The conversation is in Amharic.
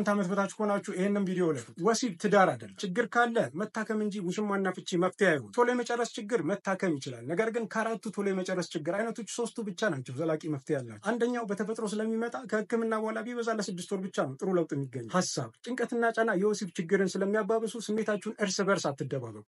አንተ ዓመት በታች ከሆናችሁ ይህንም ቪዲዮ ለፉት። ወሲብ ትዳር አይደለም። ችግር ካለ መታከም እንጂ ውሽማና ፍቺ መፍትሄ አይሆን። ቶሎ የመጨረስ ችግር መታከም ይችላል። ነገር ግን ከአራቱ ቶሎ የመጨረስ ችግር አይነቶች ሶስቱ ብቻ ናቸው ዘላቂ መፍትሄ ያላቸው። አንደኛው በተፈጥሮ ስለሚመጣ ከህክምና በኋላ ቢበዛ ለስድስት ወር ብቻ ነው ጥሩ ለውጥ የሚገኝ። ሀሳብ ጭንቀትና ጫና የወሲብ ችግርን ስለሚያባብሱ ስሜታችሁን እርስ በርስ አትደባበቁ።